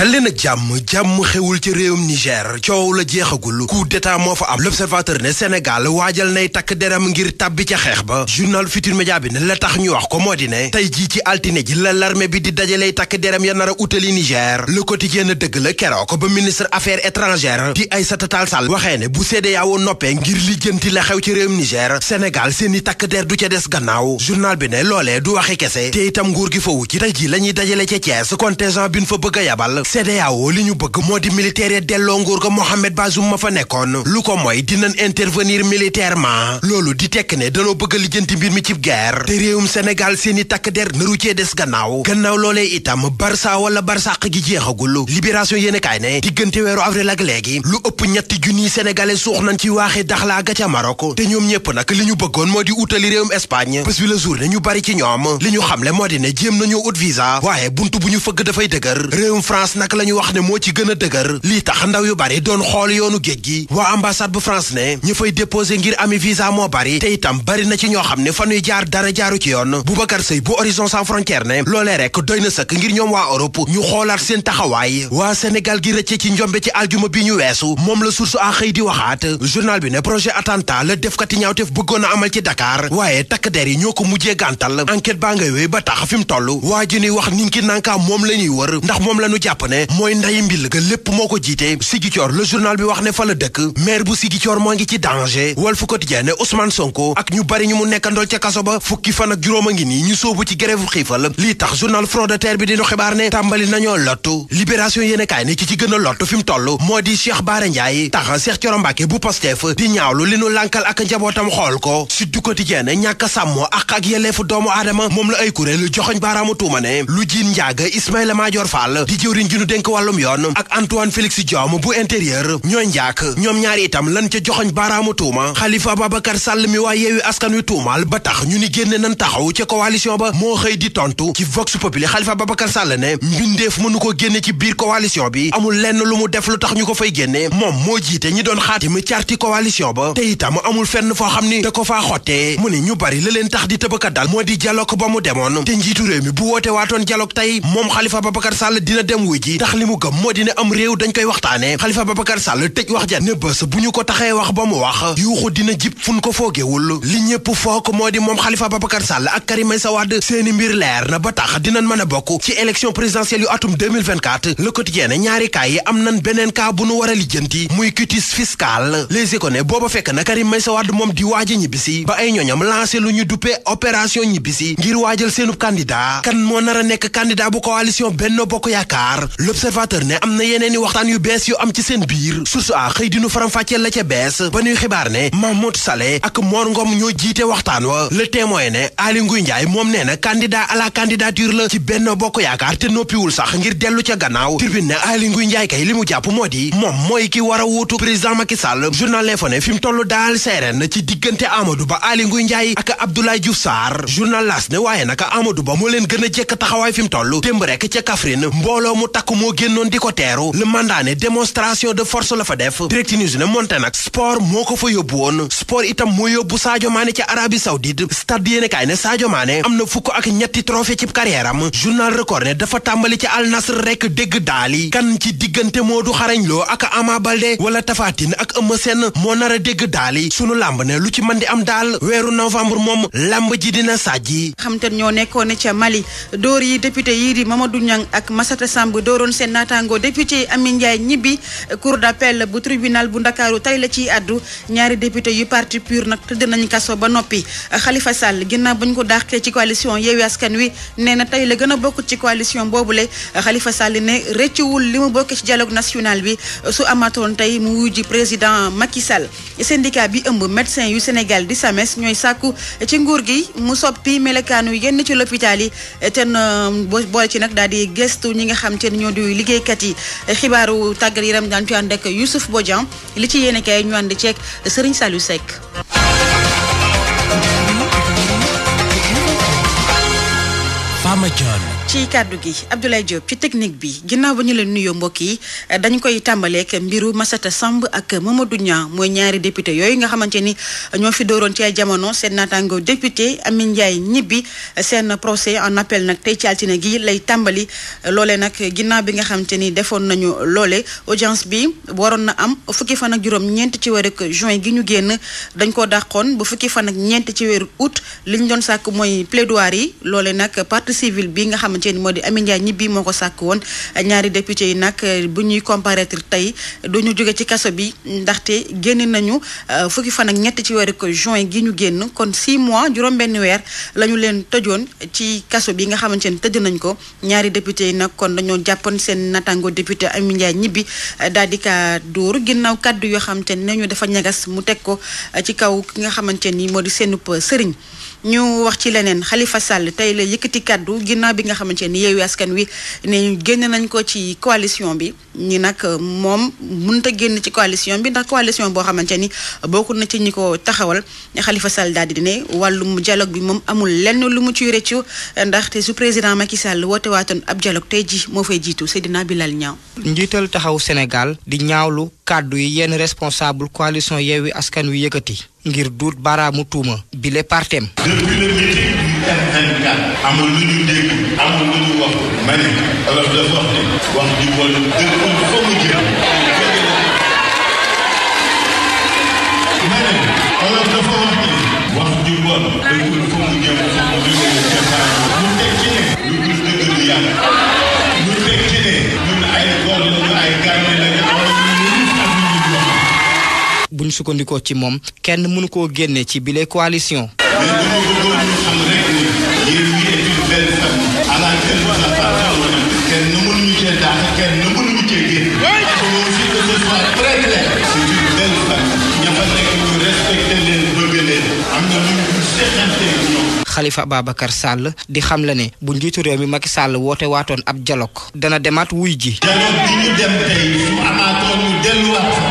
dalleen ak jàmm jàmm xewul ci réewum Niger coow la jeexagul coup d'état moo fa am l'observateur ne Sénégal waajal nay takk deram ngir tàbbi ca xeex ba journal Futur Média bi ne la tax ñu wax ko moo di ne tey jii ci altine ji la l'armée bi di dajalay takk deram ya nar a utali Niger le quotidien na dëgg la keroog ba ministre affaires étrangères di Aïssata Tall Sall waxee ne bu CEDEAO noppee ngir lijjanti la xew ci réewum Niger Sénégal seeni takk der du ca des gannaaw journal bi ne loolee kese te itam nguur gi fawu ci tey ji la ñuy dajale ca a CEDEAO li ñu bëgg moo di militaire ya delloo nguur ga Mohamed Bazoum ma fa nekkoon lu ko mooy dinañ intervenir militairement loolu di tekk ne daloo bëgg a lijjanti mbir mi ci guerre te réewum Sénégal seeni takk der naru cee des gannaaw gannaaw loolee itam barça wala barsàq gi jeexagul libération yéen a kaay ne diggante weeru avril ak léegi lu ëpp ñetti junniy sénégalais suux nañ ci waaxee daxlaa ga ca Maroc te ñoom ñëpp nag li ñu bëggoon moo di utali réewum Espagne bés bi jour ne ñu bari ci ñoom li ñu xamle moo di ne jéem nañu ut visa waaye buntu bu ñu fëgg dafay dëgër nag la ñu wax ne moo ci gën a dëgër lii tax ndaw yu bari doon xool yoonu géej gi waa ambassade bu France ne ñu déposé ngir ami visa moo bari te itam bari na ci ñoo xam ne fa ñuy jaar dara jaaru ci yoon Boubacar Seye bu Horizon Sans Frontières ne loolee rek doy na sëkk ngir ñoom waa Europe ñu xoolaat seen taxawaay waa Sénégal gi rëcce ci njombe ci aljuma bi ñu weesu moom la source a xëy di waxaat journal bi ne projet attentat la defkati ñaawteef bëggoon a amal ne mooy ndayi mbil ga lépp moo ko jiite Ziguinchor le journal bi wax ne fa la dëkk maire bu Ziguinchor moo ngi ci danger Walf Quotidien ne Ousmane Sonko ak ñu bari ñu mu nekkandool ca kaso ba fukki fan ak juróom a ngi nii ñu sóobu ci grève xiifal lii tax journal front terre bi dinu xibaar ne tàmbali nañoo lottu libération yéen ne ci ci gën a toll moo di Cheikh Bara Ndiaye tax Cheikh Thioro Mbacké bu Pastef di ñaawlu li nu lànkal ak njabootam xool a ñu dénk wàllum yoon ak Antoine Félix Diome bu intérieur ñooy njaak ñoom ñaari itam lan ca joxoñ baaraamu tuuma Khalifa Ababacar Sall mi waa yeewi askan wi tuumaal ba tax ñu ni génne nan taxaw ca coalition ba moo xëy di tontu ci Vox Populi Khalifa Ababacar Sall ne mbindeef mënu ko génne ci biir coalition bi amul lenn lu mu def lu tax ñu ko fay génne moom moo jiite ñi doon xaatim carti coalition ba te itam amul fenn foo xam ni da ko faa xottee mu ni ñu bari la leen di tëbaka dal moo di dialogue ba mu demoon te njiitu réew mi bu woote waatoon ji ndax li mu gëm moo di ne am réew dañ koy waxtaane Xalifa Babacar Sall tëj wax ja ne bés bu ñu ko taxee wax ba mu wax yuuxu dina jib fun ko foogewul li ñëpp foog moo di moom Xalifa Babacar Sall ak Karim Meïssa Wade seeni mbir leer na ba tax dinañ mën a bokk ci élection présidentielle yu atum 2024 le quotidien ñaari kaay yi am nañ beneen kaa bu nu war a lijjanti muy cutis fiscal Les Échos ne booba fekk na Karim Meïssa Wade moom di waaja ñibbisi ba ay ñoñam lancé ñu duppee opération ñibbisi ngir waajal seenub candidat kan moo nar a nekk candidat bu coalition Benno Bokk Yaakaar l'observateur ne am na yeneen i waxtaan yu bees yu am ci seen biir source a xëy dinu faram-fàcceel la ca bees ba ñuy xibaar ne Mahmoud Saleh ak Mor Ngom ñoo jiite waxtaan wa le témoin ne Aly Ngouille Ndiaye moom nee na candidat à la la ci benn Bokk Yaakaar te noppiwul sax ngir dellu ca gannaaw tribune ne Aly Ngouille Ndiaye kay li mu jàpp moo di moom mooy ki war a wuutu président Macky Sall journal L'Info ne fi mu toll daal seereen ci diggante Amadou Ba Aly Ngouille Ndiaye ak Abdoulaye Diouf Sarr journal L'As ne waaye naka Amadou Ba leen gën a jekk taxawaay fi mu toll démb rek ca Kaffrine mbooloo takk moo génnoon di ko teeru le mandat ne démonstration de force la fa def direct news ne monte nag sport moo ko fa yóbbu woon sport itam moo yóbbu Sadio Mané ci Arabie Saoudite stade yéene kaay ne Sadio Mané am na fukk ak ñetti trophée ci carrière am journal record ne dafa tàmbali ci Al Nassr rekk dégg daali kan ci diggante Modou Xarañ Lo ak Ama Baldé wala Tapha Tine ak Eumeu Sène moo nar a dégg daali sunu làmb ne lu ci mën di am daal weeru novembre moom làmb ji dina sajji xam te ñoo nekkoon ca Mali dóor yi député yi di Mamadou Niang ak Massata Samb dooroon seen naataango député Amy Ndiaye ñibbi cour d'appel bu tribunal bu ndakaaru tey la ciy àddu ñaari député yu parti pur nag tëdd nañu kaso ba noppi Khalifa Sall ginnaaw bañ ko dàqee ci coalition Yewwi Askan Wi nee na tey la gën a bokk ci coalition boobule Khalifa Sall ne rëccuwul li mu bokk ci dialogue national bi su amatoon tey mu wujji président Macky Sall syndicat bi ëmb médecin yu Sénégal di SAMES ñooy sàkku ci nguur gi mu soppi melekaanu yenn yi ten boole ci nag ñoo di liggéeykat yi xibaaru tàggat yaram daan ci ànd ak Youssouf li ci yéene kay ñu ànd ceeg Serigne Saliou Seck. Fama John. ci kàddu gi Abdoulaye Diop ci technique bi ginnaaw ba ñu leen nuyoo mbokk yi dañu koy tàmbaleek mbiru Massata Samb ak Mamadou Niang mooy ñaari député yooyu nga xamante ni ñoo fi dooroon ci ay jamono seen naataango député ami Ndiaye ñibbi seen procès en appel nag tey ci altine gi lay tàmbali loole nag ginnaaw bi nga xamante ni defoon nañu loole audience bi waroon na am fukki fan ak juróom-ñeent ci weeru juin gi ñu génn dañ ko dàqoon bu fukki fan ak ñeent ci weeru août li ñu sàkk mooy yi xamante ni moo di Amy Ndiaye ñibbi moo ko sàkk woon ñaari député yi nag eh, bu ñuy comparaître tey duñu jóge ci kaso bi ndaxte génn nañu eh, fukki fan ak ñett ci weeru juin gi ñu génn kon 6 mois juróom-benn weer la ñu leen tëjoon ci kaso bi nga xamante ne tëj nañ ko ñaari député yi nag kon dañoo jàppoon seen natango député Amy Ndiaye ñibbi eh, daal di ka dóor ginnaaw kàddu yoo xamante ne nañu dafa ñagas mu teg ko ci kaw ki nga xamante nii moo di seenub sëriñ ñu wax ci leneen xalifa Sall tey la yëkkati kàddu ginnaaw bi nga xamante ni Yewwi Askan Wi ne génn nañ ko ci coalition bi ñi nag euh, moom mënut a génn ci coalition bi ndax coalition boo xamante ni bokk na ci ñi ko taxawal xalifa Sall daal di ne wàllum dialogue bi moom amul lenn lu mu ciy rëccu ndaxte su président Macky Sall woote waatoon ab dialogue tey ji moo fay jiitu Seydina Bilal ñaaw njiital taxaw Sénégal di ñaawlu kàddu yi yenn responsable coalition Yewwi Askan Wi yëkkati ngir duut baaraamu tuuma bile partem depuis le meeting du M24 amul lu ñu dégg amul lu ñu wax ma ne alors dafa wax ne wax mu jëm ma mu jëm fa mu jëm lu dul dëgg lu mu teg ci ne ay góor lañu ay bu ñu sukkandikoo ci moom kenn mënu koo génne ci bile coalition. xalifa Ababacar sàll di xam la ne bu njiitu réew mi Macky sàll woote waatoon ab dialogue dana demaat wuy ji. dialogue bi ñu dem tey su amaatoon ñu delluwaat.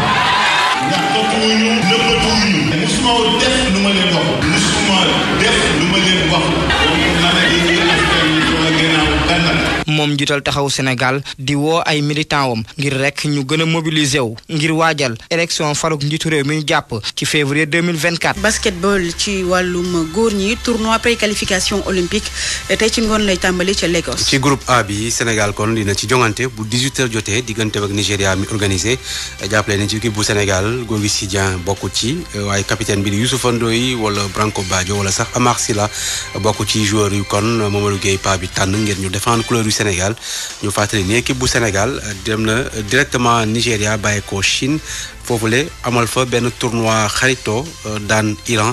ñu nëbbatu ñu musuma def lu ma leen wax musuma def lu ma leen wax donc na ne yéen askan yi sama gannaaw moom njiital taxaw Sénégal di woo ay militant wam ngir rek ñu gën a mobiliser wu ngir waajal élection faruk njiitu réew mi ñu jàpp ci février 2024. basketball ci wàllum góor ñi tournoi préqualification olympique tey ci ngoon lay tàmbali ca Lagos. ci groupe A bi Sénégal kon dina ci jongante bu 18 jotee diggante ak Nigéria mi organisé jàppale ne ci équipe bu Sénégal si Sy bokkut ci waaye capitaine bi di Youssoupha Ndoye wala Branco Badio wala sax Amar Sylla bokk ci joueur yu Sénégal ñu fàttali ni bu Sénégal dem directement Nigéria bàyyi ko Chine foofule amal fa benn tournoi xarito euh, daan Iran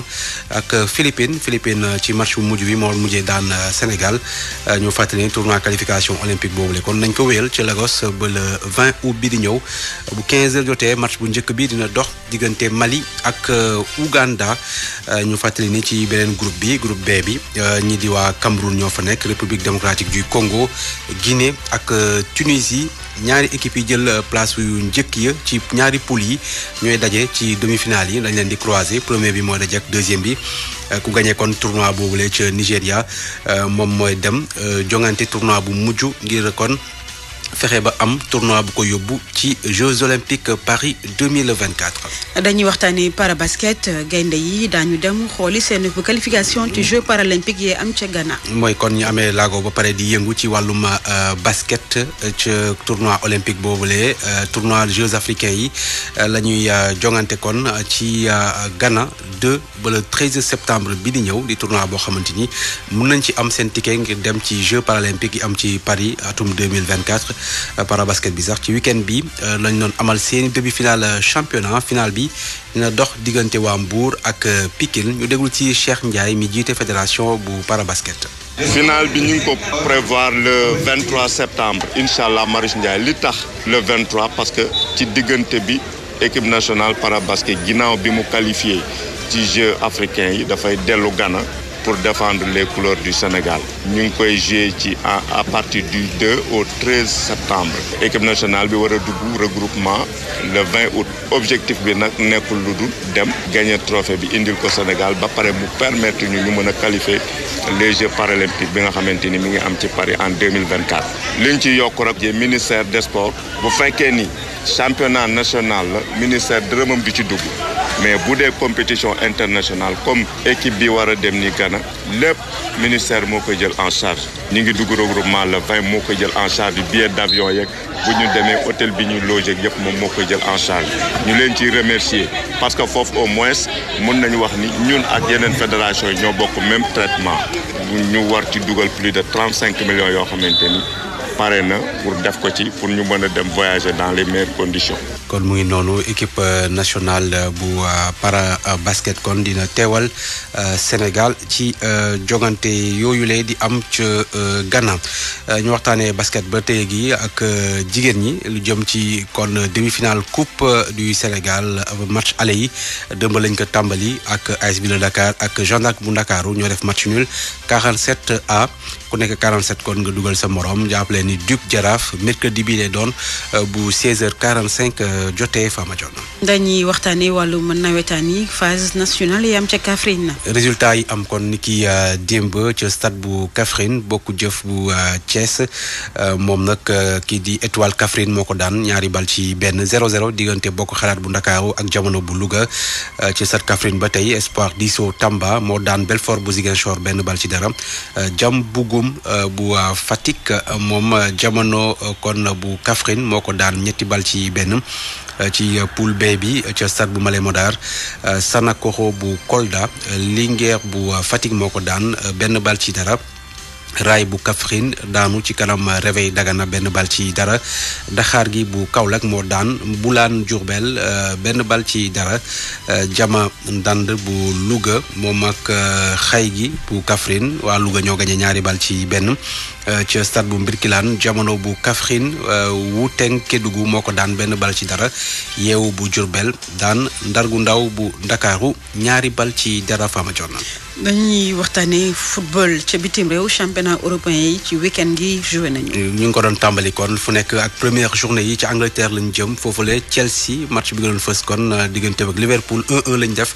ak euh, Philippines Philippines euh, ci match bu mujj bi moo mujjee daan Sénégal ñu fàttali tournoi qualification olympique boobule kon nañ ko wéyal ci Lagos ba le 20 août bi di ñëw bu 15 heures jotee match bu njëkk bi dina dox diggante Mali ak Ouganda ñu fàttali ni ci beneen groupe bi groupe B bi ñi di waa Cameroun ñoo fa nekk République démocratique du Congo Guinée ak Tunisie. ñaari équipe yi jël euh, place yu njëkk ya ci ñaari poule yi ñooy daje ci demi-finale yi dañ leen di croisé premier bi mooy daje ak deuxième bi euh, ku gagné kon tournoi boobule ca Nigéria euh, moom mooy dem jongante tournoi bu mujj ngir kon. fexe ba am tournoi bu ko yóbbu ci Jeux olympiques Paris 2024. dañuy waxtaanee parabasket gaynde yi daañu dem xooli seen qualification ci Jeux paralympiques yi am ca Ghana. mooy kon ñu amee laago ba pare di yëngu ci wàllum euh, basket euh, ci tournoi olympique boobule euh, tournoi Jeux africains yi la ñuy jongante kon ci Ghana 2 ba le 13 septembre bi di ñëw di tournoi boo xamante ni mun nañ ci am seen ticket ngir dem ci Jeux paralympiques yi am ci Paris atum 2024. Euh, parabasket bi sax ci week-end bi euh, lañ doon amal seen début finale euh, championnat final bi dina dox diggante waa Mbour ak Pikine ñu déglu ci Cheikh Ndiaye mi jiite fédération bu parabasket. final bi ñu ngi ko prévoir le septembre incha allah Marius Ndiaye li tax le 23 parce que ci diggante bi équipe nationale parabasket ginnaaw bi mu qualifié ci Jeux africains yi dafay dellu ganna pour defendre les couleurs du Sénégal ñu ngi koy joué ci à partir du 2 au 13 septembre équipe nationale bi war a dugg regroupement le 20 août objectif bi nag nekkul lu dul dem gagner trophée bi indil ko Sénégal ba pare mu permettre ñu ñu mën a qualifier les Jeux paralympiques bi nga xamante ni mi ngi am ci Paris en 2024 liñ ci yokk rek je ministère des sports bu fekkee ni championnat nationale la ministère dërëmam di ci dugg mais bu dee compétition internationale comme équipe bi war a dem ni Ghana lépp ministère moo koy jël en charge ñu ngi dugg regroupement la 20 moo ko jël en charge billet d'avion yeeg bu ñu demee hôtel bi ñu logé yëpp moom moo koy jël en charge ñu leen ciy remercier parce que foofu au moins mën nañu wax ni ñun ak yeneen fédération yi ñoo bokk même traitement ñu war ci dugal plus de 35 millions yoo xamante ni pare na pour def ko ci pour ñu mën a dem voyager dans les meilleures conditions kon muy noonu équipe euh, nationale euh, bu euh, para basket kon dina teewal Sénégal ci jogante yooyu lee di am ca Ghana ñu waxtaanee basket ba tey gi ak jigéen ñi lu jëm ci kon demi final coupe du Sénégal match aller yi dëmb lañ ko tàmbali ak AS Ville de Dakar ak Jeanne d'Arc bu Ndakaaru ñoo def match nul a à ku nekk 47 kon nga dugal sa morom jàppale ni Duc Jaraaf mercredi bi lay doon bu 16 jotee Fama Dione. dañuy waxtaanee mën na yi phase nationale yi am ca Kaffrine. résultat yi am kon ni ki euh, démb ca stade bu Kaffrine bokku jëf bu euh, Thiès euh, moom nag kii di étoile Kaffrine moo ko daan ñaari bal ci benn 0-0 diggante bokk xalaat bu Ndakaaru ak jamono bu Louga ci stade Kaffrine ba tey Espoir Diso Tamba moo daan Belfort bu Ziguinchor benn bal ci dara jam bugum bu Fatick moom jamono kon bu Kaffrine moo ko daan ñetti bal ci benn. Euh, ci euh, poule B bi euh, ca stade bu Malem Hodar Sanakoro bu Kolda Linguère bu Fatick moo ko daan benn bal ci dara raay bu Kaffrine daanu ci kanam réveil Dagana benn bal ci dara daxaar gi bu Kaolack moo daan Boulane Diourbel euh, benn bal ci dara euh, jama ndand bu Louga moom ak euh, xay gi bu Kaffrine waa Louga ñoo gañe ñaari bal ci benn ca stade bu Mbirkilaan jamono bu Kaffrine Wuteng Kédougou moo ko daan benn bal ci dara yeewu bu Diourbel daan ndargu ndaw bu Ndakaaru ñaari bal ci dara faama waxtaan waxtaanee football ca bitim réew championnat européen yi ci week-end gi joué nañu. ñu ngi ko doon tàmbali kon fu nekk ak première journée yi ci Angleterre lañu jëm foofule Chelsea match bi nga doon fës kon euh, diggante ak Liverpool 1-1 lañ def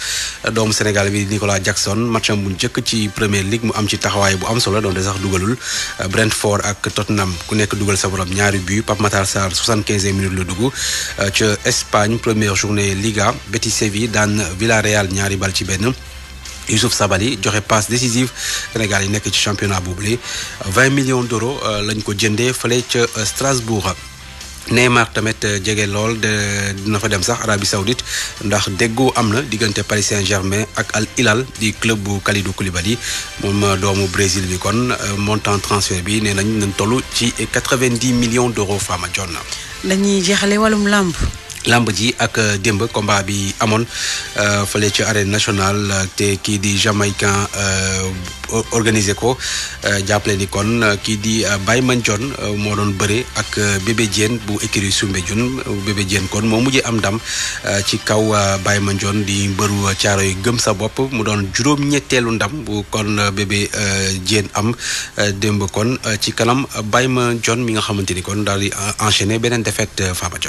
doomu Sénégal bi Nicolas Jackson matcham bu njëkk ci première League mu am ci taxawaay bu am solo doon doonte sax dugalul euh, Brentford ak Tottenham ku nekk dugal sa borom ñaari but Pape Matar Sarr 75e minute la dugg euh, ca Espagne première journée Liga Betis Séville daan Villarreal ñaari bal ci benn. Youssouf Sabaly joxe passe décisive Sénégal yi nekk ci championnat boobule 20 millions d'euros euh, lañ ko jëndee fële ca euh, Strasbourg. Neymar tamit euh, jege lool de dina fa dem sax Arabie Saoudite ndax déggoo am na diggante Paris Saint-Germain ak Al Hilal di club bu Kalidou Koulibaly moom doomu Brésil bi kon montant transfert bi nee nañ nañ toll ci 90 millions d'euros fama jonn. dañuy jeexale wàllum làmb. lamb ji ak euh, démb combat bi amoon euh, fële ci arène nationale euh, te kii di jamaïcain organisé ko jàppale ni kon kii di Baye Mandione moo doon bëre ak Bébé Diène bu écurie Soumbédioune Bébé Diène kon moo mujjee am ndam ci kaw Baye Mandione di mbëru caaro yi gëm sa bopp mu doon juróom-ñetteelu ndam bu kon Bébé Diène am démb kon ci kanam Baye Mandione mi nga xamante ni kon daal di enchaîner beneen défaite Faba